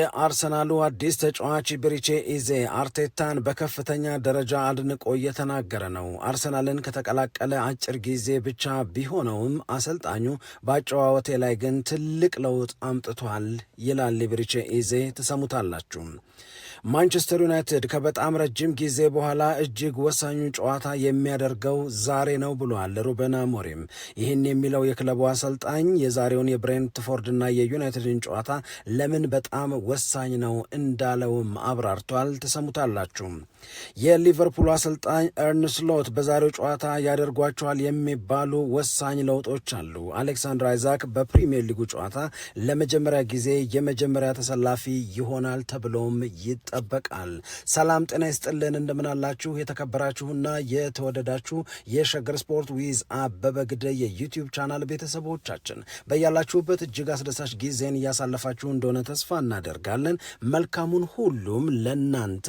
የአርሰናሉ አዲስ ተጫዋች ብሪቼ ኢዜ አርቴታን በከፍተኛ ደረጃ አድንቆ እየተናገረ ነው። አርሰናልን ከተቀላቀለ አጭር ጊዜ ብቻ ቢሆነውም አሰልጣኙ በአጨዋወቴ ላይ ግን ትልቅ ለውጥ አምጥቷል ይላል ብሪቼ ኢዜ። ትሰሙታላችሁ። ማንቸስተር ዩናይትድ ከበጣም ረጅም ጊዜ በኋላ እጅግ ወሳኙ ጨዋታ የሚያደርገው ዛሬ ነው ብሏል ሩበን አሞሪም። ይህን የሚለው የክለቡ አሰልጣኝ የዛሬውን የብሬንትፎርድና የዩናይትድን ጨዋታ ለምን በጣም ወሳኝ ነው እንዳለውም አብራርቷል። ተሰሙታላችሁ። የሊቨርፑሉ አሰልጣኝ ኤርንስ ሎት በዛሬው ጨዋታ ያደርጓቸዋል የሚባሉ ወሳኝ ለውጦች አሉ። አሌክሳንድር አይዛክ በፕሪምየር ሊጉ ጨዋታ ለመጀመሪያ ጊዜ የመጀመሪያ ተሰላፊ ይሆናል ተብሎም ይጠ ይጠበቃል። ሰላም ጤና ይስጥልን። እንደምናላችሁ የተከበራችሁና የተወደዳችሁ የሸገር ስፖርት ዊዝ አበበ ግደይ የዩቲዩብ ቻናል ቤተሰቦቻችን በያላችሁበት እጅግ አስደሳች ጊዜን እያሳለፋችሁ እንደሆነ ተስፋ እናደርጋለን። መልካሙን ሁሉም ለናንተ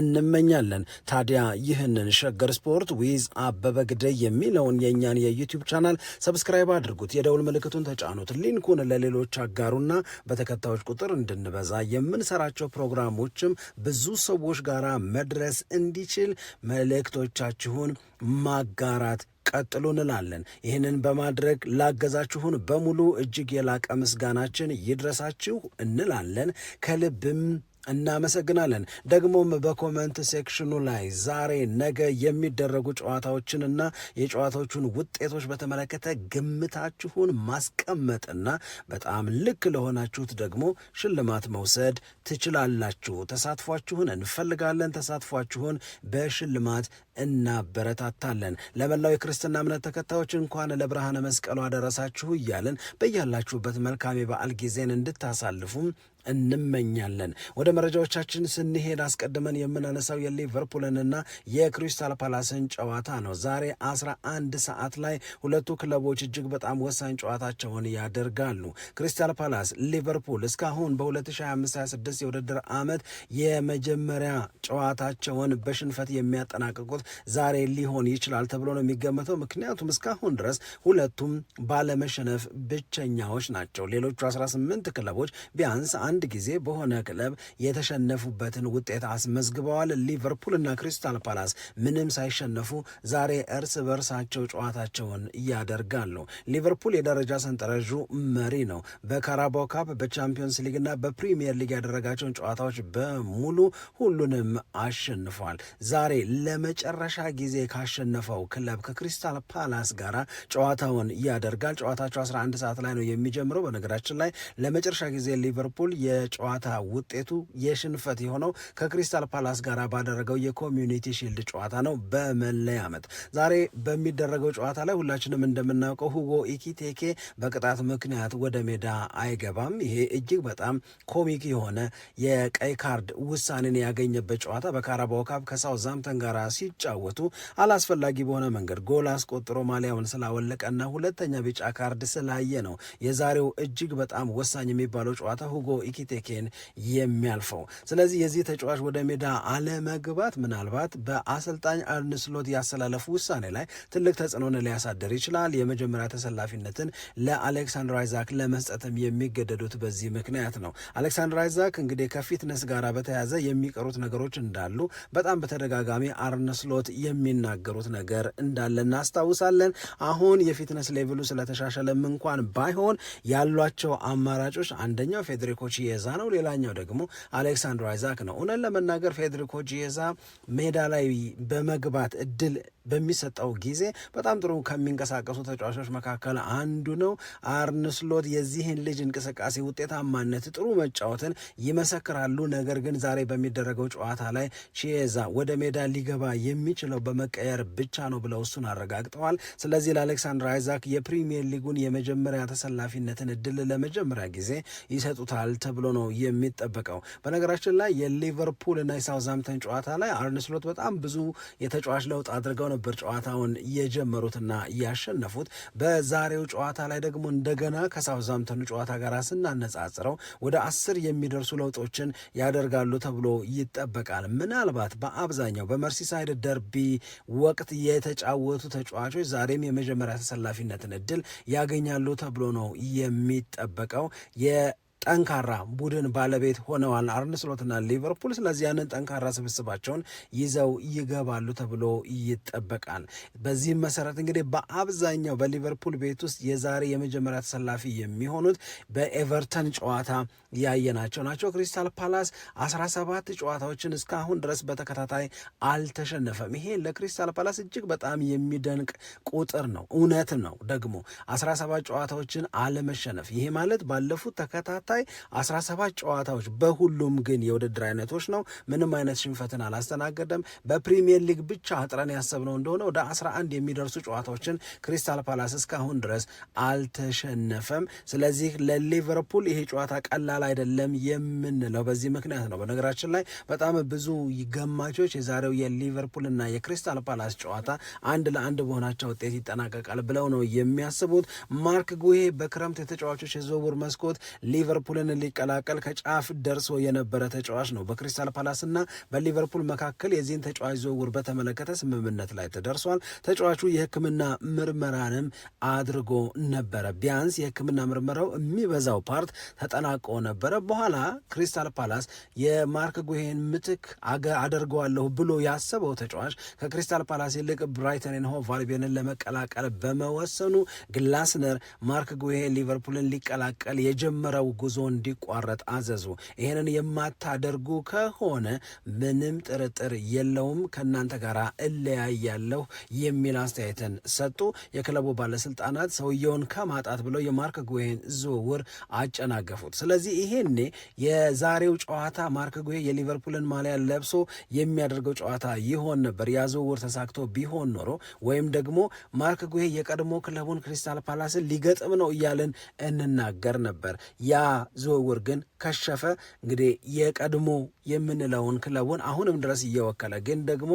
እንመኛለን። ታዲያ ይህንን ሸገር ስፖርት ዊዝ አበበ ግደይ የሚለውን የእኛን የዩቲዩብ ቻናል ሰብስክራይብ አድርጉት፣ የደውል ምልክቱን ተጫኑት፣ ሊንኩን ለሌሎች አጋሩና በተከታዮች ቁጥር እንድንበዛ የምንሰራቸው ፕሮግራሞችም ብዙ ሰዎች ጋር መድረስ እንዲችል መልእክቶቻችሁን ማጋራት ቀጥሉ እንላለን። ይህንን በማድረግ ላገዛችሁን በሙሉ እጅግ የላቀ ምስጋናችን ይድረሳችሁ እንላለን ከልብም እናመሰግናለን። ደግሞም በኮመንት ሴክሽኑ ላይ ዛሬ ነገ የሚደረጉ ጨዋታዎችንና የጨዋታዎቹን ውጤቶች በተመለከተ ግምታችሁን ማስቀመጥና በጣም ልክ ለሆናችሁት ደግሞ ሽልማት መውሰድ ትችላላችሁ። ተሳትፏችሁን እንፈልጋለን። ተሳትፏችሁን በሽልማት እናበረታታለን። ለመላው የክርስትና እምነት ተከታዮች እንኳን ለብርሃነ መስቀሉ አደረሳችሁ እያለን በያላችሁበት መልካም የበዓል ጊዜን እንድታሳልፉም እንመኛለን። ወደ መረጃዎቻችን ስንሄድ አስቀድመን የምናነሳው የሊቨርፑልንና የክሪስታል ፓላስን ጨዋታ ነው። ዛሬ አስራ አንድ ሰዓት ላይ ሁለቱ ክለቦች እጅግ በጣም ወሳኝ ጨዋታቸውን ያደርጋሉ። ክሪስታል ፓላስ ሊቨርፑል እስካሁን በ2025/26 የውድድር ዓመት የመጀመሪያ ጨዋታቸውን በሽንፈት የሚያጠናቅቁት ዛሬ ሊሆን ይችላል ተብሎ ነው የሚገመተው። ምክንያቱም እስካሁን ድረስ ሁለቱም ባለመሸነፍ ብቸኛዎች ናቸው። ሌሎቹ 18 ክለቦች ቢያንስ አንድ ጊዜ በሆነ ክለብ የተሸነፉበትን ውጤት አስመዝግበዋል። ሊቨርፑልና ክሪስታል ፓላስ ምንም ሳይሸነፉ ዛሬ እርስ በርሳቸው ጨዋታቸውን ያደርጋሉ። ሊቨርፑል የደረጃ ሰንጠረዡ መሪ ነው። በካራቦ ካፕ በቻምፒዮንስ ሊግና በፕሪሚየር ሊግ ያደረጋቸውን ጨዋታዎች በሙሉ ሁሉንም አሸንፏል። ዛሬ ለመጨረሻ ጊዜ ካሸነፈው ክለብ ከክሪስታል ፓላስ ጋር ጨዋታውን ያደርጋል። ጨዋታቸው 11 ሰዓት ላይ ነው የሚጀምረው። በነገራችን ላይ ለመጨረሻ ጊዜ ሊቨርፑል የጨዋታ ውጤቱ የሽንፈት የሆነው ከክሪስታል ፓላስ ጋር ባደረገው የኮሚዩኒቲ ሺልድ ጨዋታ ነው በመለያ ዓመት ዛሬ በሚደረገው ጨዋታ ላይ ሁላችንም እንደምናውቀው ሁጎ ኢኪቴኬ በቅጣት ምክንያት ወደ ሜዳ አይገባም። ይሄ እጅግ በጣም ኮሚክ የሆነ የቀይ ካርድ ውሳኔን ያገኘበት ጨዋታ በካራባኦ ካፕ ከሳውዛምተን ጋር ሲጫወቱ አላስፈላጊ በሆነ መንገድ ጎል አስቆጥሮ ማሊያውን ስላወለቀና ሁለተኛ ቢጫ ካርድ ስላየ ነው የዛሬው እጅግ በጣም ወሳኝ የሚባለው ጨዋታ ሁጎ ኪቴኬን የሚያልፈው። ስለዚህ የዚህ ተጫዋች ወደ ሜዳ አለመግባት ምናልባት በአሰልጣኝ አርነ ስሎት ውሳኔ ላይ ትልቅ ተጽዕኖን ሊያሳድር ይችላል። የመጀመሪያ ተሰላፊነትን ለአሌክሳንድር አይዛክ ለመስጠትም የሚገደዱት በዚህ ምክንያት ነው። አሌክሳንድር አይዛክ እንግዲህ ከፊትነስ ጋር በተያያዘ የሚቀሩት ነገሮች እንዳሉ በጣም በተደጋጋሚ አርነ ስሎት የሚናገሩት ነገር እንዳለ እናስታውሳለን። አሁን የፊትነስ ሌቭሉ ስለተሻሻለም እንኳን ባይሆን ያሏቸው አማራጮች አንደኛው ፌዴሪኮ ጂዛ ነው። ሌላኛው ደግሞ አሌክሳንድሮ አይዛክ ነው። እውነት ለመናገር ፌዴሪኮ ጂዛ ሜዳ ላይ በመግባት እድል በሚሰጠው ጊዜ በጣም ጥሩ ከሚንቀሳቀሱ ተጫዋቾች መካከል አንዱ ነው። አርንስሎት የዚህን ልጅ እንቅስቃሴ ውጤታማነት፣ ጥሩ መጫወትን ይመሰክራሉ። ነገር ግን ዛሬ በሚደረገው ጨዋታ ላይ ቺዛ ወደ ሜዳ ሊገባ የሚችለው በመቀየር ብቻ ነው ብለው እሱን አረጋግጠዋል። ስለዚህ ለአሌክሳንድር አይዛክ የፕሪሚየር ሊጉን የመጀመሪያ ተሰላፊነትን እድል ለመጀመሪያ ጊዜ ይሰጡታል ተብሎ ነው የሚጠበቀው። በነገራችን ላይ የሊቨርፑል እና የሳውዝሃምተን ጨዋታ ላይ አርነ ስሎት በጣም ብዙ የተጫዋች ለውጥ አድርገው ነበር ጨዋታውን የጀመሩትና ያሸነፉት። በዛሬው ጨዋታ ላይ ደግሞ እንደገና ከሳውዝሃምተኑ ጨዋታ ጋር ስናነጻጽረው ወደ አስር የሚደርሱ ለውጦችን ያደርጋሉ ተብሎ ይጠበቃል። ምናልባት በአብዛኛው በመርሲሳይድ ደርቢ ወቅት የተጫወቱ ተጫዋቾች ዛሬም የመጀመሪያ ተሰላፊነትን እድል ያገኛሉ ተብሎ ነው የሚጠበቀው። ጠንካራ ቡድን ባለቤት ሆነዋል አርነ ስሎትና ሊቨርፑል። ስለዚህ ያንን ጠንካራ ስብስባቸውን ይዘው ይገባሉ ተብሎ ይጠበቃል። በዚህም መሰረት እንግዲህ በአብዛኛው በሊቨርፑል ቤት ውስጥ የዛሬ የመጀመሪያ ተሰላፊ የሚሆኑት በኤቨርተን ጨዋታ ያየናቸው ናቸው። ክሪስታል ፓላስ 17 ጨዋታዎችን እስካሁን ድረስ በተከታታይ አልተሸነፈም። ይሄ ለክሪስታል ፓላስ እጅግ በጣም የሚደንቅ ቁጥር ነው። እውነት ነው ደግሞ 17 ጨዋታዎችን አለመሸነፍ። ይሄ ማለት ባለፉት ተከታታይ 17 ጨዋታዎች በሁሉም ግን የውድድር አይነቶች ነው ምንም አይነት ሽንፈትን አላስተናገደም። በፕሪሚየር ሊግ ብቻ አጥረን ያሰብነው እንደሆነ ወደ 11 የሚደርሱ ጨዋታዎችን ክሪስታል ፓላስ እስካሁን ድረስ አልተሸነፈም። ስለዚህ ለሊቨርፑል ይሄ ጨዋታ ቀላል አይደለም የምንለው በዚህ ምክንያት ነው። በነገራችን ላይ በጣም ብዙ ገማቾች የዛሬው የሊቨርፑልና የክሪስታል ፓላስ ጨዋታ አንድ ለአንድ በሆናቸው ውጤት ይጠናቀቃል ብለው ነው የሚያስቡት። ማርክ ጉሄ በክረምት የተጫዋቾች የዝውውር መስኮት ሊቨርፑልን ሊቀላቀል ከጫፍ ደርሶ የነበረ ተጫዋች ነው። በክሪስታል ፓላስና በሊቨርፑል መካከል የዚህን ተጫዋች ዝውውር በተመለከተ ስምምነት ላይ ተደርሷል። ተጫዋቹ የሕክምና ምርመራንም አድርጎ ነበረ። ቢያንስ የሕክምና ምርመራው የሚበዛው ፓርት ተጠናቆ ነበረ። በኋላ ክሪስታል ፓላስ የማርክ ጉሄን ምትክ አደርገዋለሁ ብሎ ያሰበው ተጫዋች ከክሪስታል ፓላስ ይልቅ ብራይተንን ሆቭ አልቢዮንን ለመቀላቀል በመወሰኑ ግላስነር ማርክ ጉሄ ሊቨርፑልን ሊቀላቀል የጀመረው ጉዞ እንዲቋረጥ አዘዙ። ይህንን የማታደርጉ ከሆነ ምንም ጥርጥር የለውም ከእናንተ ጋር እለያያለሁ የሚል አስተያየትን ሰጡ። የክለቡ ባለስልጣናት ሰውየውን ከማጣት ብለው የማርክ ጉሄን ዝውውር አጨናገፉት። ስለዚህ ይሄኔ የዛሬው ጨዋታ ማርክ ጉሄ የሊቨርፑልን ማሊያ ለብሶ የሚያደርገው ጨዋታ ይሆን ነበር። ያ ዝውውር ተሳክቶ ቢሆን ኖሮ ወይም ደግሞ ማርክ ጉሄ የቀድሞ ክለቡን ክሪስታል ፓላስን ሊገጥም ነው እያልን እንናገር ነበር። ያ ዝውውር ግን ከሸፈ። እንግዲህ የቀድሞ የምንለውን ክለቡን አሁንም ድረስ እየወከለ ግን ደግሞ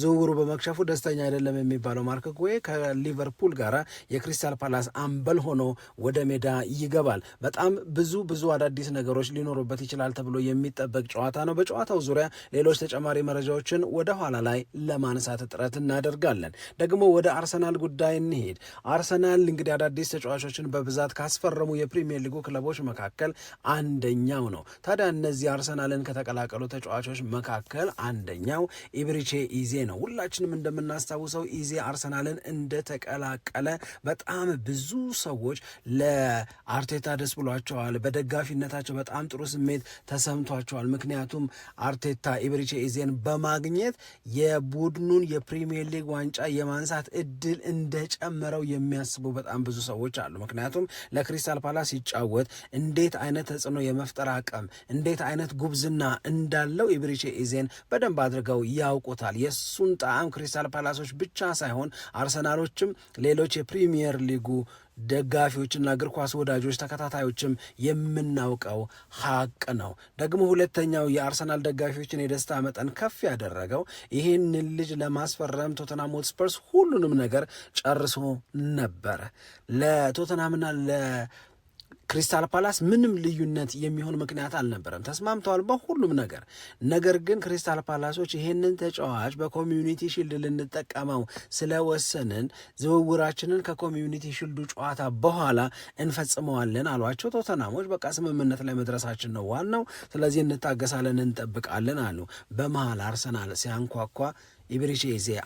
ዝውውሩ በመክሸፉ ደስተኛ አይደለም የሚባለው ማርክ ጉሄ ከሊቨርፑል ጋር የክሪስታል ፓላስ አምበል ሆኖ ወደ ሜዳ ይገባል። በጣም ብዙ ብዙ አዳ አዳዲስ ነገሮች ሊኖሩበት ይችላል ተብሎ የሚጠበቅ ጨዋታ ነው። በጨዋታው ዙሪያ ሌሎች ተጨማሪ መረጃዎችን ወደ ኋላ ላይ ለማንሳት ጥረት እናደርጋለን። ደግሞ ወደ አርሰናል ጉዳይ እንሄድ። አርሰናል እንግዲህ አዳዲስ ተጫዋቾችን በብዛት ካስፈረሙ የፕሪሚየር ሊጉ ክለቦች መካከል አንደኛው ነው። ታዲያ እነዚህ አርሰናልን ከተቀላቀሉ ተጫዋቾች መካከል አንደኛው ኢብሪቼ ኢዜ ነው። ሁላችንም እንደምናስታውሰው ኢዜ አርሰናልን እንደተቀላቀለ በጣም ብዙ ሰዎች ለአርቴታ ደስ ብሏቸዋል፣ በደጋፊ ግንኙነታቸው በጣም ጥሩ ስሜት ተሰምቷቸዋል። ምክንያቱም አርቴታ ኢብሪቼ ኢዜን በማግኘት የቡድኑን የፕሪሚየር ሊግ ዋንጫ የማንሳት እድል እንደጨመረው የሚያስቡ በጣም ብዙ ሰዎች አሉ። ምክንያቱም ለክሪስታል ፓላስ ሲጫወት እንዴት አይነት ተጽዕኖ የመፍጠር አቅም እንዴት አይነት ጉብዝና እንዳለው ኢብሪቼ ኢዜን በደንብ አድርገው ያውቁታል። የእሱን ጣዕም ክሪስታል ፓላሶች ብቻ ሳይሆን አርሰናሎችም ሌሎች የፕሪሚየር ሊጉ ደጋፊዎችና እግር ኳስ ወዳጆች ተከታታዮችም የምናውቀው ሀቅ ነው። ደግሞ ሁለተኛው የአርሰናል ደጋፊዎችን የደስታ መጠን ከፍ ያደረገው ይህንን ልጅ ለማስፈረም ቶተናም ሆትስፐርስ ሁሉንም ነገር ጨርሶ ነበረ ለቶተናምና ክሪስታል ፓላስ ምንም ልዩነት የሚሆን ምክንያት አልነበረም። ተስማምተዋል በሁሉም ነገር። ነገር ግን ክሪስታል ፓላሶች ይሄንን ተጫዋች በኮሚዩኒቲ ሺልድ ልንጠቀመው ስለወሰንን ዝውውራችንን ከኮሚዩኒቲ ሺልዱ ጨዋታ በኋላ እንፈጽመዋለን አሏቸው። ቶተናሞች በቃ ስምምነት ላይ መድረሳችን ነው ዋናው፣ ስለዚህ እንታገሳለን፣ እንጠብቃለን አሉ። በመሃል አርሰናል ሲያንኳኳ ኢብሪቼ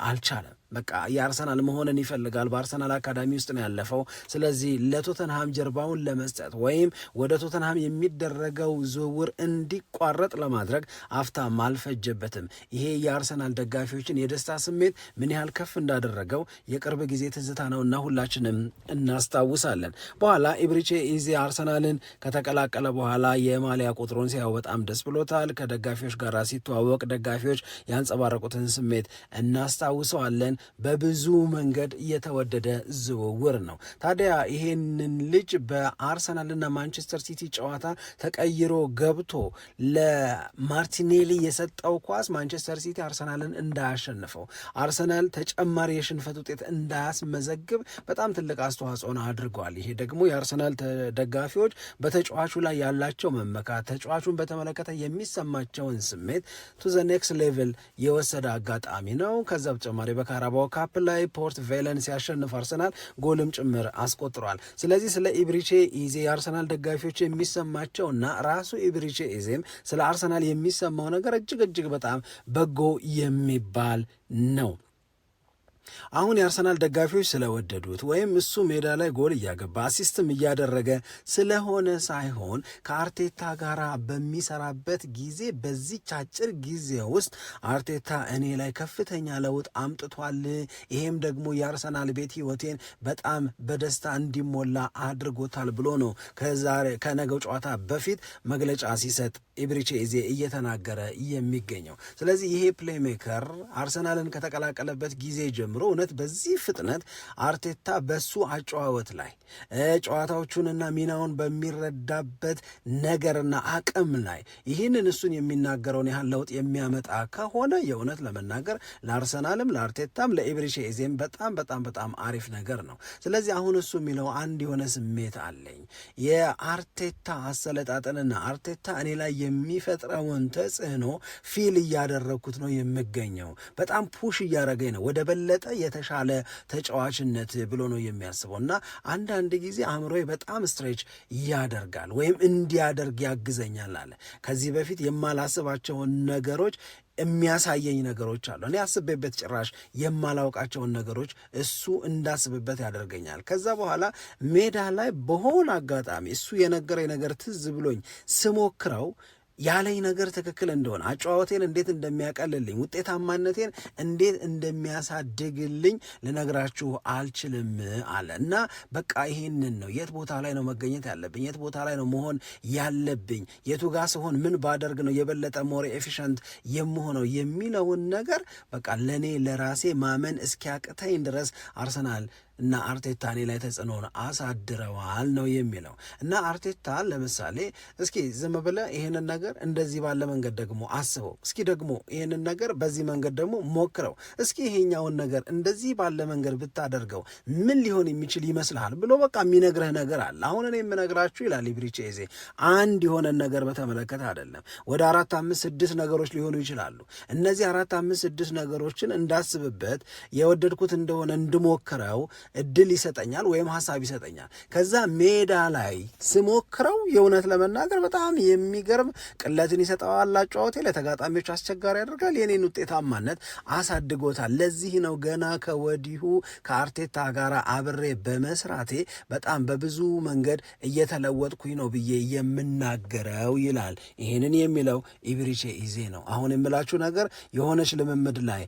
አልቻለም። በቃ የአርሰናል መሆንን ይፈልጋል። በአርሰናል አካዳሚ ውስጥ ነው ያለፈው። ስለዚህ ለቶተንሃም ጀርባውን ለመስጠት ወይም ወደ ቶተንሃም የሚደረገው ዝውውር እንዲቋረጥ ለማድረግ አፍታም አልፈጀበትም። ይሄ የአርሰናል ደጋፊዎችን የደስታ ስሜት ምን ያህል ከፍ እንዳደረገው የቅርብ ጊዜ ትዝታ ነው እና ሁላችንም እናስታውሳለን። በኋላ ኢብሪቼ ኢዜ አርሰናልን ከተቀላቀለ በኋላ የማሊያ ቁጥሩን ሲያው በጣም ደስ ብሎታል። ከደጋፊዎች ጋር ሲተዋወቅ ደጋፊዎች ያንጸባረቁትን ስሜት እናስታውሰዋለን። በብዙ መንገድ የተወደደ ዝውውር ነው። ታዲያ ይሄንን ልጅ በአርሰናልና ማንቸስተር ሲቲ ጨዋታ ተቀይሮ ገብቶ ለማርቲኔሊ የሰጠው ኳስ ማንቸስተር ሲቲ አርሰናልን እንዳያሸንፈው፣ አርሰናል ተጨማሪ የሽንፈት ውጤት እንዳያስመዘግብ በጣም ትልቅ አስተዋጽኦን አድርጓል። ይሄ ደግሞ የአርሰናል ደጋፊዎች በተጫዋቹ ላይ ያላቸው መመካት ተጫዋቹን በተመለከተ የሚሰማቸውን ስሜት ቱ ዘ ኔክስት ሌቭል የወሰደ አጋጣሚ ነው። ከዛ በተጨማሪ በካራ በካራባው ካፕ ላይ ፖርት ቬለን ሲያሸንፍ አርሰናል ጎልም ጭምር አስቆጥሯል። ስለዚህ ስለ ኢብሪቼ ኢዜ የአርሰናል ደጋፊዎች የሚሰማቸውና ራሱ ኢብሪቼ ኢዜም ስለ አርሰናል የሚሰማው ነገር እጅግ እጅግ በጣም በጎ የሚባል ነው። አሁን የአርሰናል ደጋፊዎች ስለወደዱት ወይም እሱ ሜዳ ላይ ጎል እያገባ አሲስትም እያደረገ ስለሆነ ሳይሆን ከአርቴታ ጋር በሚሰራበት ጊዜ በዚች አጭር ጊዜ ውስጥ አርቴታ እኔ ላይ ከፍተኛ ለውጥ አምጥቷል። ይሄም ደግሞ የአርሰናል ቤት ሕይወቴን በጣም በደስታ እንዲሞላ አድርጎታል ብሎ ነው ከዛሬ ከነገው ጨዋታ በፊት መግለጫ ሲሰጥ ኢብሪቼዜ እየተናገረ የሚገኘው። ስለዚህ ይሄ ፕሌሜከር አርሰናልን ከተቀላቀለበት ጊዜ ጀምሮ እውነት በዚህ ፍጥነት አርቴታ በሱ አጨዋወት ላይ ጨዋታዎቹንና ሚናውን በሚረዳበት ነገርና አቅም ላይ ይህንን እሱን የሚናገረውን ያህል ለውጥ የሚያመጣ ከሆነ የእውነት ለመናገር ለአርሰናልም ለአርቴታም ለኢብሪቼዜም በጣም በጣም በጣም አሪፍ ነገር ነው። ስለዚህ አሁን እሱ የሚለው አንድ የሆነ ስሜት አለኝ የአርቴታ አሰለጣጠንና አርቴታ እኔ ላይ የሚፈጥረውን ተጽዕኖ ፊል እያደረግኩት ነው የምገኘው። በጣም ፑሽ እያደረገኝ ነው ወደ በለጠ የተሻለ ተጫዋችነት ብሎ ነው የሚያስበው እና አንዳንድ ጊዜ አእምሮ በጣም ስትሬች ያደርጋል ወይም እንዲያደርግ ያግዘኛል አለ። ከዚህ በፊት የማላስባቸውን ነገሮች የሚያሳየኝ ነገሮች አሉ። እኔ አስቤበት ጭራሽ የማላውቃቸውን ነገሮች እሱ እንዳስብበት ያደርገኛል። ከዛ በኋላ ሜዳ ላይ በሆን አጋጣሚ እሱ የነገረኝ ነገር ትዝ ብሎኝ ስሞክረው ያለኝ ነገር ትክክል እንደሆነ አጨዋወቴን እንዴት እንደሚያቀልልኝ ውጤታማነቴን እንዴት እንደሚያሳድግልኝ ልነግራችሁ አልችልም አለ እና በቃ ይሄንን ነው የት ቦታ ላይ ነው መገኘት ያለብኝ፣ የት ቦታ ላይ ነው መሆን ያለብኝ፣ የቱ ጋ ስሆን ምን ባደርግ ነው የበለጠ ሞር ኤፊሽንት የምሆነው የሚለውን ነገር በቃ ለእኔ ለራሴ ማመን እስኪያቅተኝ ድረስ አርሰናል እና አርቴታ እኔ ላይ ተጽዕኖን አሳድረዋል ነው የሚለው። እና አርቴታ ለምሳሌ እስኪ ዝም ብለህ ይህንን ነገር እንደዚህ ባለ መንገድ ደግሞ አስበው፣ እስኪ ደግሞ ይህንን ነገር በዚህ መንገድ ደግሞ ሞክረው፣ እስኪ ይሄኛውን ነገር እንደዚህ ባለ መንገድ ብታደርገው ምን ሊሆን የሚችል ይመስልሃል ብሎ በቃ የሚነግረህ ነገር አለ። አሁን እኔ የምነግራችሁ ይላል ብሪቼዜ፣ አንድ የሆነን ነገር በተመለከተ አይደለም። ወደ አራት አምስት ስድስት ነገሮች ሊሆኑ ይችላሉ። እነዚህ አራት አምስት ስድስት ነገሮችን እንዳስብበት የወደድኩት እንደሆነ እንድሞክረው እድል ይሰጠኛል ወይም ሀሳብ ይሰጠኛል። ከዛ ሜዳ ላይ ስሞክረው የእውነት ለመናገር በጣም የሚገርም ቅለትን ይሰጠዋል። አጨዋወቴ ለተጋጣሚዎች አስቸጋሪ ያደርጋል። የኔን ውጤታማነት አሳድጎታል። ለዚህ ነው ገና ከወዲሁ ከአርቴታ ጋር አብሬ በመስራቴ በጣም በብዙ መንገድ እየተለወጥኩኝ ነው ብዬ የምናገረው ይላል። ይህንን የሚለው ኢብሪቼ ኢዜ ነው። አሁን የምላችሁ ነገር የሆነች ልምምድ ላይ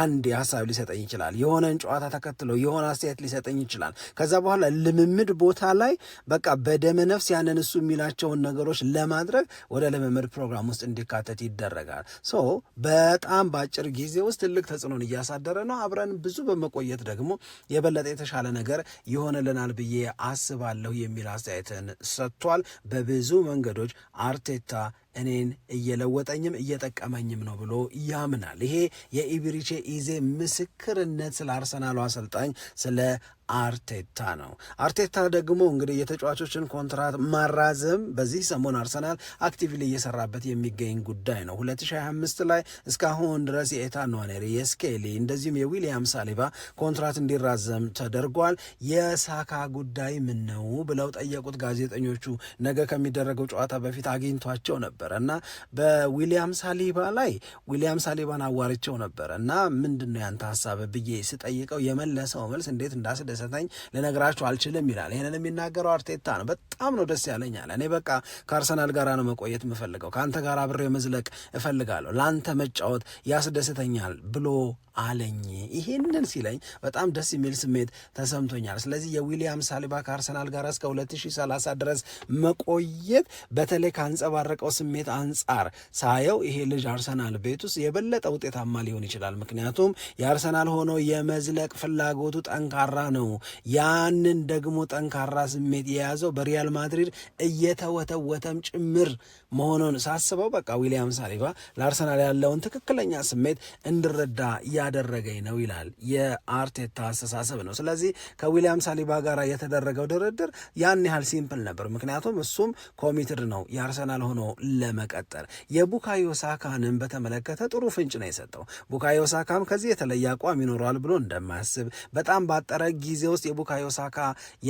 አንድ ሀሳብ ሊሰጠኝ ይችላል። የሆነን ጨዋታ ተከትሎ የሆነ አስተያየት ሊሰጠኝ ይችላል። ከዛ በኋላ ልምምድ ቦታ ላይ በቃ በደመ ነፍስ ያንን እሱ የሚላቸውን ነገሮች ለማድረግ ወደ ልምምድ ፕሮግራም ውስጥ እንዲካተት ይደረጋል። ሶ በጣም በአጭር ጊዜ ውስጥ ትልቅ ተጽዕኖን እያሳደረ ነው። አብረን ብዙ በመቆየት ደግሞ የበለጠ የተሻለ ነገር ይሆንልናል ብዬ አስባለሁ የሚል አስተያየትን ሰጥቷል። በብዙ መንገዶች አርቴታ እኔን እየለወጠኝም እየጠቀመኝም ነው ብሎ ያምናል። ይሄ የኢብሪቼ ኢዜ ምስክርነት ስለ አርሰናሉ አሰልጣኝ ስለ አርቴታ ነው። አርቴታ ደግሞ እንግዲህ የተጫዋቾችን ኮንትራት ማራዘም በዚህ ሰሞን አርሰናል አክቲቭሊ እየሰራበት የሚገኝ ጉዳይ ነው። 2025 ላይ እስካሁን ድረስ የኤታ ኗኔሪ፣ የስኬሊ እንደዚሁም የዊሊያም ሳሊባ ኮንትራት እንዲራዘም ተደርጓል። የሳካ ጉዳይ ምን ነው ብለው ጠየቁት ጋዜጠኞቹ። ነገ ከሚደረገው ጨዋታ በፊት አግኝቷቸው ነበረ እና በዊሊያም ሳሊባ ላይ ዊሊያም ሳሊባን አዋርቸው ነበረ እና ምንድን ነው ያንተ ሀሳብ ብዬ ስጠይቀው የመለሰው መልስ እንዴት እንዳስደ እንዳስደሰተኝ ልነግራችሁ አልችልም ይላል። ይህንን የሚናገረው አርቴታ ነው። በጣም ነው ደስ ያለኛል። እኔ በቃ ከአርሰናል ጋር ነው መቆየት የምፈልገው፣ ከአንተ ጋር አብሬ መዝለቅ እፈልጋለሁ፣ ለአንተ መጫወት ያስደስተኛል ብሎ አለኝ። ይህንን ሲለኝ በጣም ደስ የሚል ስሜት ተሰምቶኛል። ስለዚህ የዊሊያም ሳሊባ ከአርሰናል ጋር እስከ 2030 ድረስ መቆየት በተለይ ካንጸባረቀው ስሜት አንጻር ሳየው ይሄ ልጅ አርሰናል ቤት ውስጥ የበለጠ ውጤታማ ሊሆን ይችላል። ምክንያቱም የአርሰናል ሆኖ የመዝለቅ ፍላጎቱ ጠንካራ ነው። ነው። ያንን ደግሞ ጠንካራ ስሜት የያዘው በሪያል ማድሪድ እየተወተወተም ጭምር መሆኑን ሳስበው በቃ ዊሊያም ሳሊባ ለአርሰናል ያለውን ትክክለኛ ስሜት እንድረዳ እያደረገኝ ነው ይላል የአርቴታ አስተሳሰብ ነው። ስለዚህ ከዊሊያም ሳሊባ ጋር የተደረገው ድርድር ያን ያህል ሲምፕል ነበር፣ ምክንያቱም እሱም ኮሚትድ ነው የአርሰናል ሆኖ ለመቀጠል። የቡካዮ ሳካንም በተመለከተ ጥሩ ፍንጭ ነው የሰጠው። ቡካዮ ሳካም ከዚህ የተለየ አቋም ይኖረዋል ብሎ እንደማያስብ በጣም ባጠረ ጊዜ ውስጥ የቡካዮ ሳካ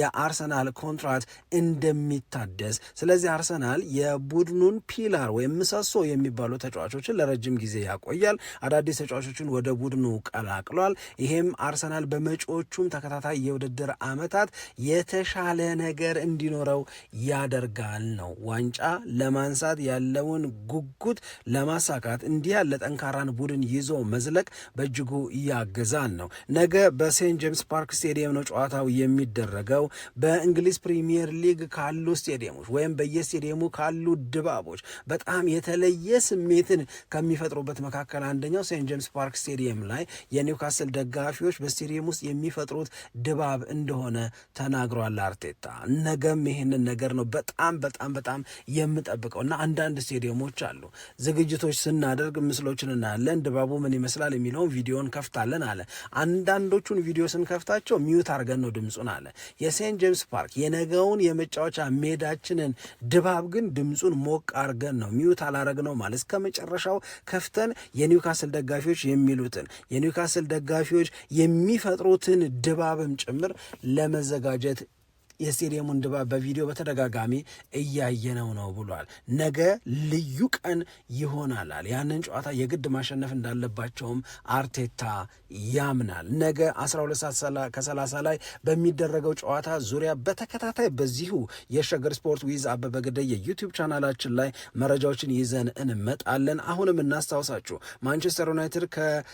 የአርሰናል ኮንትራት እንደሚታደስ ስለዚህ አርሰናል የቡድኑን ሁለቱን ፒላር ወይም ምሰሶ የሚባሉ ተጫዋቾችን ለረጅም ጊዜ ያቆያል። አዳዲስ ተጫዋቾችን ወደ ቡድኑ ቀላቅሏል። ይሄም አርሰናል በመጪዎቹም ተከታታይ የውድድር ዓመታት የተሻለ ነገር እንዲኖረው ያደርጋል ነው ዋንጫ ለማንሳት ያለውን ጉጉት ለማሳካት እንዲህ ያለ ጠንካራን ቡድን ይዞ መዝለቅ በእጅጉ እያገዛል ነው። ነገ በሴንት ጄምስ ፓርክ ስቴዲየም ነው ጨዋታው የሚደረገው። በእንግሊዝ ፕሪሚየር ሊግ ካሉ ስቴዲየሞች ወይም በየስቴዲየሙ ካሉ ድባብ ክለቦች በጣም የተለየ ስሜትን ከሚፈጥሩበት መካከል አንደኛው ሴንት ጄምስ ፓርክ ስቴዲየም ላይ የኒውካስል ደጋፊዎች በስቴዲየም ውስጥ የሚፈጥሩት ድባብ እንደሆነ ተናግሯል አርቴታ። ነገም ይህንን ነገር ነው በጣም በጣም በጣም የምጠብቀው እና አንዳንድ ስቴዲየሞች አሉ ዝግጅቶች ስናደርግ ምስሎችን እናያለን፣ ድባቡ ምን ይመስላል የሚለውን ቪዲዮን ከፍታለን አለ። አንዳንዶቹን ቪዲዮ ስንከፍታቸው ሚዩት አድርገን ነው ድምፁን አለ። የሴንት ጄምስ ፓርክ የነገውን የመጫወቻ ሜዳችንን ድባብ ግን ድምፁን ሞቅ ሞቅ አርገን ነው ሚዩት አላረግ ነው ማለት እስከ መጨረሻው ከፍተን የኒውካስል ደጋፊዎች የሚሉትን የኒውካስል ደጋፊዎች የሚፈጥሩትን ድባብም ጭምር ለመዘጋጀት የስቴዲየሙን ድባብ በቪዲዮ በተደጋጋሚ እያየነው ነው ብሏል። ነገ ልዩ ቀን ይሆናላል። ያንን ጨዋታ የግድ ማሸነፍ እንዳለባቸውም አርቴታ ያምናል። ነገ 12 ሰዓት ከ30 ላይ በሚደረገው ጨዋታ ዙሪያ በተከታታይ በዚሁ የሸገር ስፖርት ዊዝ አበበ ግደይ የዩቲዩብ ቻናላችን ላይ መረጃዎችን ይዘን እንመጣለን። አሁንም እናስታውሳችሁ ማንቸስተር ዩናይትድ ከ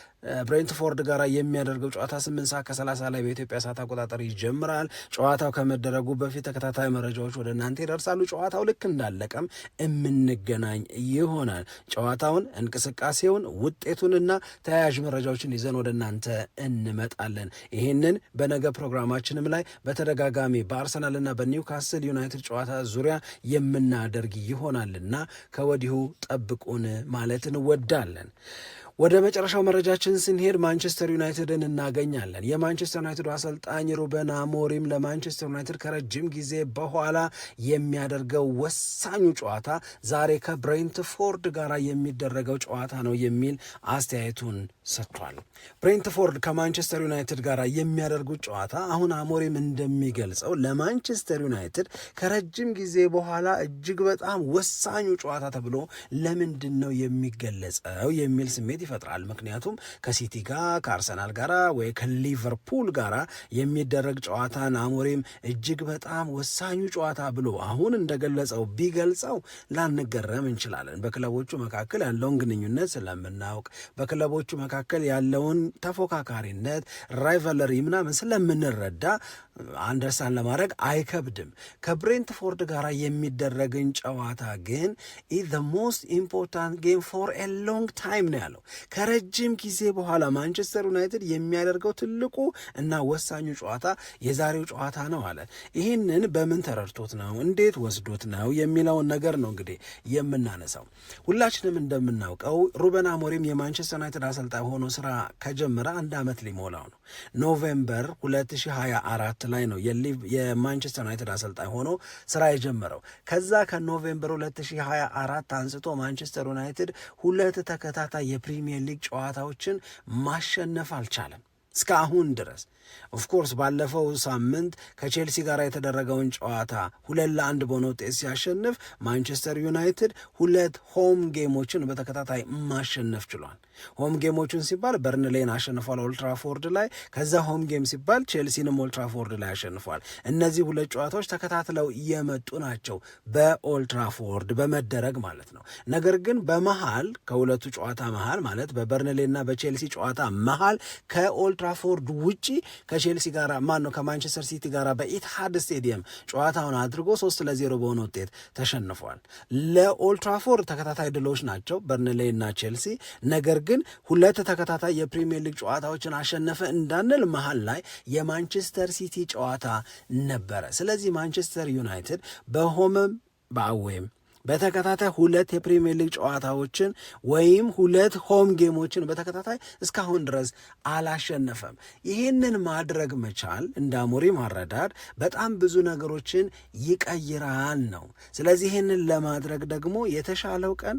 ብሬንትፎርድ ጋር የሚያደርገው ጨዋታ ስምንት ሰዓት ከሰላሳ ላይ በኢትዮጵያ ሰዓት አቆጣጠር ይጀምራል። ጨዋታው ከመደረጉ በፊት ተከታታይ መረጃዎች ወደ እናንተ ይደርሳሉ። ጨዋታው ልክ እንዳለቀም የምንገናኝ ይሆናል። ጨዋታውን፣ እንቅስቃሴውን፣ ውጤቱንና ተያያዥ መረጃዎችን ይዘን ወደ እናንተ እንመጣለን። ይህንን በነገ ፕሮግራማችንም ላይ በተደጋጋሚ በአርሰናልና በኒውካስል ዩናይትድ ጨዋታ ዙሪያ የምናደርግ ይሆናልና ከወዲሁ ጠብቁን ማለት እንወዳለን። ወደ መጨረሻው መረጃችን ስንሄድ ማንቸስተር ዩናይትድን እናገኛለን። የማንቸስተር ዩናይትድ አሰልጣኝ ሩበን አሞሪም ለማንቸስተር ዩናይትድ ከረጅም ጊዜ በኋላ የሚያደርገው ወሳኙ ጨዋታ ዛሬ ከብሬንትፎርድ ጋር የሚደረገው ጨዋታ ነው የሚል አስተያየቱን ሰጥቷል። ብሬንትፎርድ ከማንቸስተር ዩናይትድ ጋር የሚያደርጉት ጨዋታ አሁን አሞሪም እንደሚገልጸው ለማንቸስተር ዩናይትድ ከረጅም ጊዜ በኋላ እጅግ በጣም ወሳኙ ጨዋታ ተብሎ ለምንድን ነው የሚገለጸው የሚል ስሜት ይፈጥራል። ምክንያቱም ከሲቲ ጋር ከአርሰናል ጋር ወይ ከሊቨርፑል ጋር የሚደረግ ጨዋታን አሞሪም እጅግ በጣም ወሳኙ ጨዋታ ብሎ አሁን እንደገለጸው ቢገልጸው ላንገረም እንችላለን። በክለቦቹ መካከል ያለውን ግንኙነት ስለምናውቅ፣ በክለቦቹ መካከል ያለውን ተፎካካሪነት ራይቨለሪ ምናምን ስለምንረዳ አንደርስታንድ ለማድረግ አይከብድም። ከብሬንትፎርድ ጋር የሚደረግን ጨዋታ ግን ኢ ሞስት ኢምፖርታንት ጌም ፎር ኤ ሎንግ ታይም ነው ያለው። ከረጅም ጊዜ በኋላ ማንቸስተር ዩናይትድ የሚያደርገው ትልቁ እና ወሳኙ ጨዋታ የዛሬው ጨዋታ ነው አለ። ይህንን በምን ተረድቶት ነው እንዴት ወስዶት ነው የሚለውን ነገር ነው እንግዲህ የምናነሳው። ሁላችንም እንደምናውቀው ሩበን አሞሪም የማንቸስተር ዩናይትድ አሰልጣኝ ሆኖ ስራ ከጀመረ አንድ ዓመት ሊሞላው ነው። ኖቬምበር 2024 ላይ ነው የማንቸስተር ዩናይትድ አሰልጣኝ ሆኖ ስራ የጀመረው። ከዛ ከኖቬምበር 2024 አንስቶ ማንቸስተር ዩናይትድ ሁለት ተከታታይ የፕሪሚ የፕሪሚየር ሊግ ጨዋታዎችን ማሸነፍ አልቻለም እስከ አሁን ድረስ ኦፍኮርስ ባለፈው ሳምንት ከቼልሲ ጋር የተደረገውን ጨዋታ ሁለት ለአንድ በሆነ ውጤት ሲያሸንፍ ማንቸስተር ዩናይትድ ሁለት ሆም ጌሞችን በተከታታይ ማሸነፍ ችሏል። ሆም ጌሞቹን ሲባል በርንሌን አሸንፏል ኦልትራፎርድ ላይ፣ ከዛ ሆም ጌም ሲባል ቼልሲንም ኦልትራፎርድ ላይ አሸንፏል። እነዚህ ሁለት ጨዋታዎች ተከታትለው እየመጡ ናቸው በኦልትራፎርድ በመደረግ ማለት ነው። ነገር ግን በመሃል ከሁለቱ ጨዋታ መሃል ማለት በበርንሌና በቼልሲ ጨዋታ መሃል ከኦልትራፎርድ ውጪ ከቼልሲ ጋር ማን ነው ከማንቸስተር ሲቲ ጋር በኢትሃድ ስቴዲየም ጨዋታውን አድርጎ ሶስት ለዜሮ በሆነ ውጤት ተሸንፏል። ለኦልትራፎርድ ተከታታይ ድሎች ናቸው በርንሌይ እና ቼልሲ። ነገር ግን ሁለት ተከታታይ የፕሪሚየር ሊግ ጨዋታዎችን አሸነፈ እንዳንል መሀል ላይ የማንቸስተር ሲቲ ጨዋታ ነበረ። ስለዚህ ማንቸስተር ዩናይትድ በሆመም በአዌም በተከታታይ ሁለት የፕሪሚየር ሊግ ጨዋታዎችን ወይም ሁለት ሆም ጌሞችን በተከታታይ እስካሁን ድረስ አላሸነፈም። ይህንን ማድረግ መቻል እንደ አሞሪም አረዳድ በጣም ብዙ ነገሮችን ይቀይራል ነው። ስለዚህ ይህንን ለማድረግ ደግሞ የተሻለው ቀን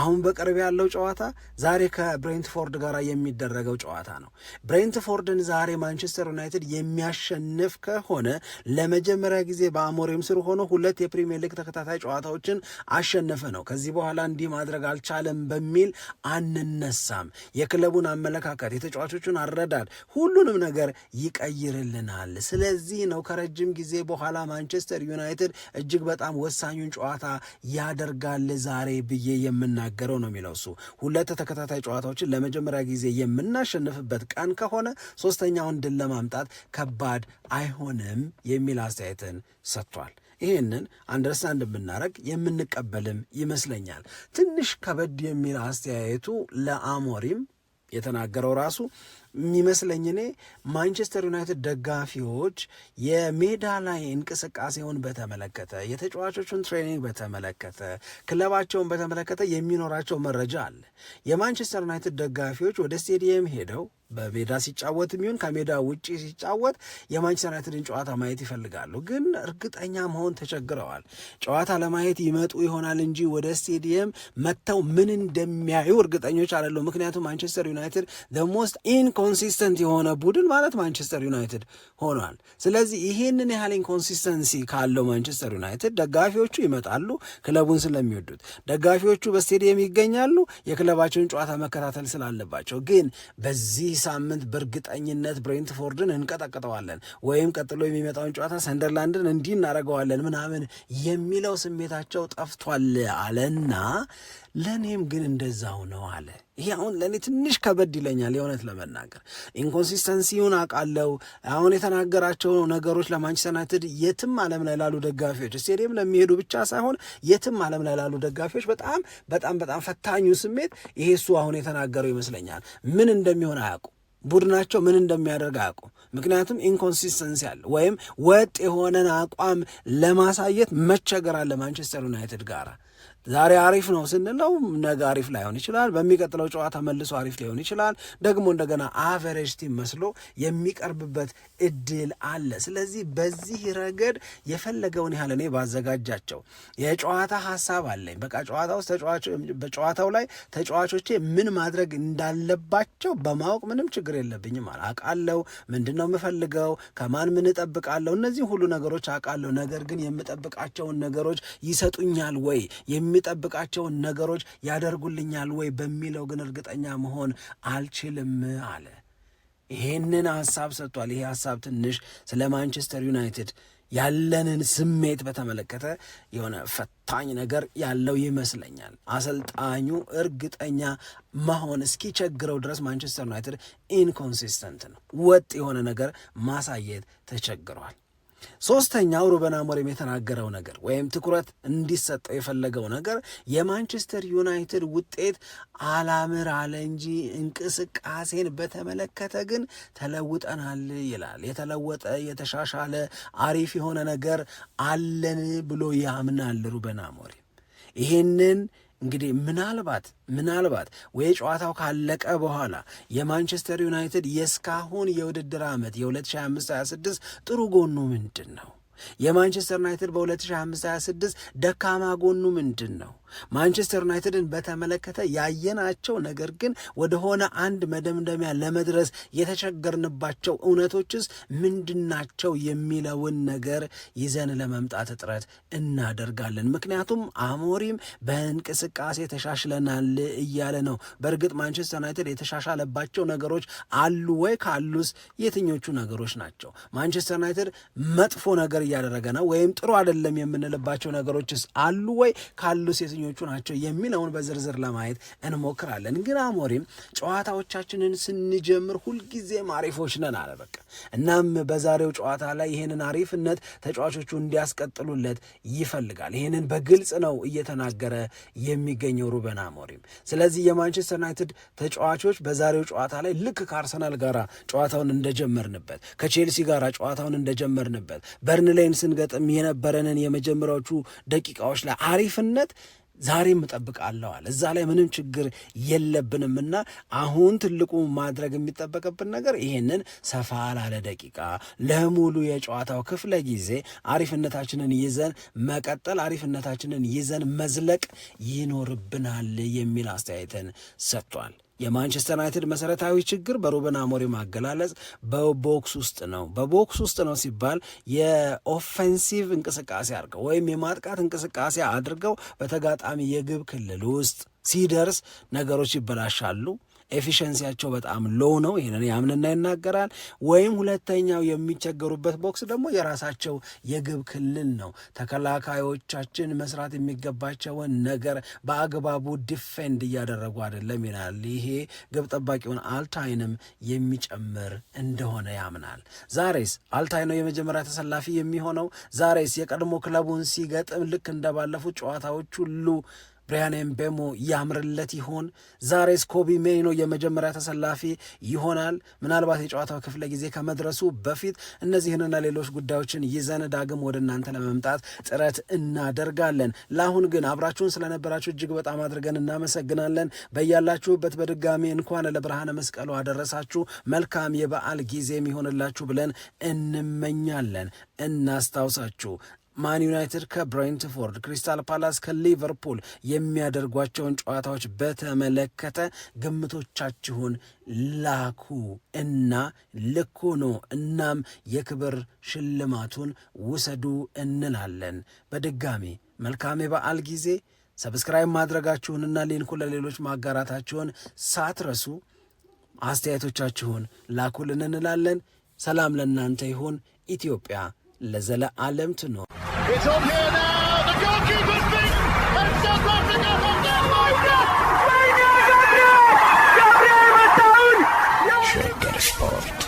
አሁን በቅርብ ያለው ጨዋታ ዛሬ ከብሬንትፎርድ ጋር የሚደረገው ጨዋታ ነው። ብሬንትፎርድን ዛሬ ማንቸስተር ዩናይትድ የሚያሸንፍ ከሆነ ለመጀመሪያ ጊዜ በአሞሪም ስር ሆኖ ሁለት የፕሪሚየር ሊግ ተከታታይ ጨዋታዎችን አሸነፈ ነው። ከዚህ በኋላ እንዲህ ማድረግ አልቻለም በሚል አንነሳም። የክለቡን አመለካከት፣ የተጫዋቾቹን አረዳድ፣ ሁሉንም ነገር ይቀይርልናል። ስለዚህ ነው ከረጅም ጊዜ በኋላ ማንቸስተር ዩናይትድ እጅግ በጣም ወሳኙን ጨዋታ ያደርጋል ዛሬ ብዬ የምናገረው ነው የሚለው እሱ። ሁለት ተከታታይ ጨዋታዎችን ለመጀመሪያ ጊዜ የምናሸንፍበት ቀን ከሆነ ሶስተኛውን ድል ለማምጣት ከባድ አይሆንም የሚል አስተያየትን ሰጥቷል። ይህንን አንደርስታንድ ብናረግ የምንቀበልም ይመስለኛል። ትንሽ ከበድ የሚል አስተያየቱ ለአሞሪም የተናገረው ራሱ የሚመስለኝ እኔ ማንቸስተር ዩናይትድ ደጋፊዎች የሜዳ ላይ እንቅስቃሴውን በተመለከተ የተጫዋቾቹን ትሬኒንግ በተመለከተ ክለባቸውን በተመለከተ የሚኖራቸው መረጃ አለ። የማንቸስተር ዩናይትድ ደጋፊዎች ወደ ስቴዲየም ሄደው በሜዳ ሲጫወት የሚሆን ከሜዳ ውጭ ሲጫወት የማንቸስተር ዩናይትድን ጨዋታ ማየት ይፈልጋሉ፣ ግን እርግጠኛ መሆን ተቸግረዋል። ጨዋታ ለማየት ይመጡ ይሆናል እንጂ ወደ ስቴዲየም መጥተው ምን እንደሚያዩ እርግጠኞች አለሉ። ምክንያቱም ማንቸስተር ዩናይትድ ሞስት ኢንኮንሲስተንት የሆነ ቡድን ማለት ማንቸስተር ዩናይትድ ሆኗል። ስለዚህ ይህንን ያህል ኢንኮንሲስተንሲ ካለው ማንቸስተር ዩናይትድ ደጋፊዎቹ ይመጣሉ፣ ክለቡን ስለሚወዱት ደጋፊዎቹ በስቴዲየም ይገኛሉ፣ የክለባቸውን ጨዋታ መከታተል ስላለባቸው ግን በዚህ ሳምንት በእርግጠኝነት ብሬንትፎርድን እንቀጠቅጠዋለን ወይም ቀጥሎ የሚመጣውን ጨዋታ ሰንደርላንድን እንዲህ እናደርገዋለን ምናምን የሚለው ስሜታቸው ጠፍቷል አለና ለእኔም ግን እንደዛው ነው አለ። ይሄ አሁን ለእኔ ትንሽ ከበድ ይለኛል የእውነት ለመናገር ኢንኮንሲስተንሲውን አውቃለሁ። አሁን የተናገራቸው ነገሮች ለማንቸስተር ዩናይትድ የትም ዓለም ላይ ላሉ ደጋፊዎች ስቴዲየም ለሚሄዱ ብቻ ሳይሆን የትም ዓለም ላይ ላሉ ደጋፊዎች በጣም በጣም በጣም ፈታኙ ስሜት ይሄ እሱ አሁን የተናገረው ይመስለኛል። ምን እንደሚሆን አያውቁ ቡድናቸው ምን እንደሚያደርግ አያውቁ ምክንያቱም ኢንኮንሲስተንሲ አለ ወይም ወጥ የሆነን አቋም ለማሳየት መቸገር አለ ማንቸስተር ዩናይትድ ጋራ ዛሬ አሪፍ ነው ስንለው ነገ አሪፍ ላይሆን ይችላል። በሚቀጥለው ጨዋታ መልሶ አሪፍ ሊሆን ይችላል። ደግሞ እንደገና አቨሬጅ ቲም መስሎ የሚቀርብበት እድል አለ። ስለዚህ በዚህ ረገድ የፈለገውን ያህል እኔ ባዘጋጃቸው የጨዋታ ሀሳብ አለኝ። በቃ ጨዋታ ውስጥ በጨዋታው ላይ ተጫዋቾቼ ምን ማድረግ እንዳለባቸው በማወቅ ምንም ችግር የለብኝም። አውቃለሁ፣ ምንድን ነው የምፈልገው፣ ከማን ምን እጠብቃለሁ፣ እነዚህ ሁሉ ነገሮች አውቃለሁ። ነገር ግን የምጠብቃቸውን ነገሮች ይሰጡኛል ወይ የሚጠብቃቸውን ነገሮች ያደርጉልኛል ወይ በሚለው ግን እርግጠኛ መሆን አልችልም አለ። ይሄንን ሀሳብ ሰጥቷል። ይሄ ሀሳብ ትንሽ ስለ ማንቸስተር ዩናይትድ ያለንን ስሜት በተመለከተ የሆነ ፈታኝ ነገር ያለው ይመስለኛል። አሰልጣኙ እርግጠኛ መሆን እስኪቸግረው ድረስ ማንቸስተር ዩናይትድ ኢንኮንሲስተንት ነው፣ ወጥ የሆነ ነገር ማሳየት ተቸግሯል። ሶስተኛው ሩበን አሞሪም የተናገረው ነገር ወይም ትኩረት እንዲሰጠው የፈለገው ነገር የማንቸስተር ዩናይትድ ውጤት አላምር አለ እንጂ እንቅስቃሴን በተመለከተ ግን ተለውጠናል ይላል። የተለወጠ የተሻሻለ አሪፍ የሆነ ነገር አለን ብሎ ያምናል ሩበን አሞሪም ይህንን እንግዲህ ምናልባት ምናልባት ወይ ጨዋታው ካለቀ በኋላ የማንቸስተር ዩናይትድ የእስካሁን የውድድር ዓመት የ2025/26 ጥሩ ጎኑ ምንድን ነው? የማንቸስተር ዩናይትድ በ2025/26 ደካማ ጎኑ ምንድን ነው? ማንቸስተር ዩናይትድን በተመለከተ ያየናቸው ነገር ግን ወደሆነ አንድ መደምደሚያ ለመድረስ የተቸገርንባቸው እውነቶችስ ምንድናቸው የሚለውን ነገር ይዘን ለመምጣት ጥረት እናደርጋለን። ምክንያቱም አሞሪም በእንቅስቃሴ ተሻሽለናል እያለ ነው። በእርግጥ ማንቸስተር ዩናይትድ የተሻሻለባቸው ነገሮች አሉ ወይ? ካሉስ የትኞቹ ነገሮች ናቸው? ማንቸስተር ዩናይትድ መጥፎ ነገር ነገር እያደረገ ነው ወይም ጥሩ አይደለም የምንልባቸው ነገሮችስ አሉ ወይ? ካሉ ሴትኞቹ ናቸው የሚለውን በዝርዝር ለማየት እንሞክራለን። ግን አሞሪም ጨዋታዎቻችንን ስንጀምር ሁልጊዜም አሪፎች ነን አለ። በቃ እናም በዛሬው ጨዋታ ላይ ይህንን አሪፍነት ተጫዋቾቹ እንዲያስቀጥሉለት ይፈልጋል። ይህንን በግልጽ ነው እየተናገረ የሚገኘው ሩበን አሞሪም። ስለዚህ የማንቸስተር ዩናይትድ ተጫዋቾች በዛሬው ጨዋታ ላይ ልክ ከአርሰናል ጋር ጨዋታውን እንደጀመርንበት ከቼልሲ ጋር ጨዋታውን እንደጀመርንበት በርን ላይን ስንገጥም የነበረንን የመጀመሪያዎቹ ደቂቃዎች ላይ አሪፍነት ዛሬም እጠብቃለሁ አለ። እዛ ላይ ምንም ችግር የለብንም እና አሁን ትልቁ ማድረግ የሚጠበቅብን ነገር ይህንን ሰፋ ላለ ደቂቃ ለሙሉ የጨዋታው ክፍለ ጊዜ አሪፍነታችንን ይዘን መቀጠል፣ አሪፍነታችንን ይዘን መዝለቅ ይኖርብናል የሚል አስተያየትን ሰጥቷል። የማንቸስተር ዩናይትድ መሰረታዊ ችግር በሩበን አሞሪም አገላለጽ በቦክስ ውስጥ ነው። በቦክስ ውስጥ ነው ሲባል የኦፌንሲቭ እንቅስቃሴ አድርገው ወይም የማጥቃት እንቅስቃሴ አድርገው በተጋጣሚ የግብ ክልል ውስጥ ሲደርስ ነገሮች ይበላሻሉ። ኤፊሽንሲያቸው በጣም ሎው ነው። ይህንን ያምንና ይናገራል። ወይም ሁለተኛው የሚቸገሩበት ቦክስ ደግሞ የራሳቸው የግብ ክልል ነው። ተከላካዮቻችን መስራት የሚገባቸውን ነገር በአግባቡ ዲፌንድ እያደረጉ አይደለም ይላል። ይሄ ግብ ጠባቂውን አልታይንም የሚጨምር እንደሆነ ያምናል። ዛሬስ አልታይ ነው የመጀመሪያ ተሰላፊ የሚሆነው? ዛሬስ የቀድሞ ክለቡን ሲገጥም ልክ እንደባለፉት ጨዋታዎች ሁሉ ብሪያን ኤምቤሞ ያምርለት ይሆን? ዛሬስ ኮቢ ሜይኖ የመጀመሪያ ተሰላፊ ይሆናል? ምናልባት የጨዋታው ክፍለ ጊዜ ከመድረሱ በፊት እነዚህንና ሌሎች ጉዳዮችን ይዘን ዳግም ወደ እናንተ ለመምጣት ጥረት እናደርጋለን። ለአሁን ግን አብራችሁን ስለነበራችሁ እጅግ በጣም አድርገን እናመሰግናለን። በያላችሁበት በድጋሚ እንኳን ለብርሃነ መስቀሉ አደረሳችሁ። መልካም የበዓል ጊዜ የሚሆንላችሁ ብለን እንመኛለን። እናስታውሳችሁ ማን ዩናይትድ ከብሬንትፎርድ፣ ክሪስታል ፓላስ ከሊቨርፑል የሚያደርጓቸውን ጨዋታዎች በተመለከተ ግምቶቻችሁን ላኩ እና ልኩ ነው። እናም የክብር ሽልማቱን ውሰዱ እንላለን። በድጋሚ መልካም በአል ጊዜ። ሰብስክራይብ ማድረጋችሁንና ሊንኩ ለሌሎች ማጋራታችሁን ሳትረሱ አስተያየቶቻችሁን ላኩልን እንላለን። ሰላም ለእናንተ ይሁን። ኢትዮጵያ ለዘለዓለም ትኖር። ሸገር ስፖርት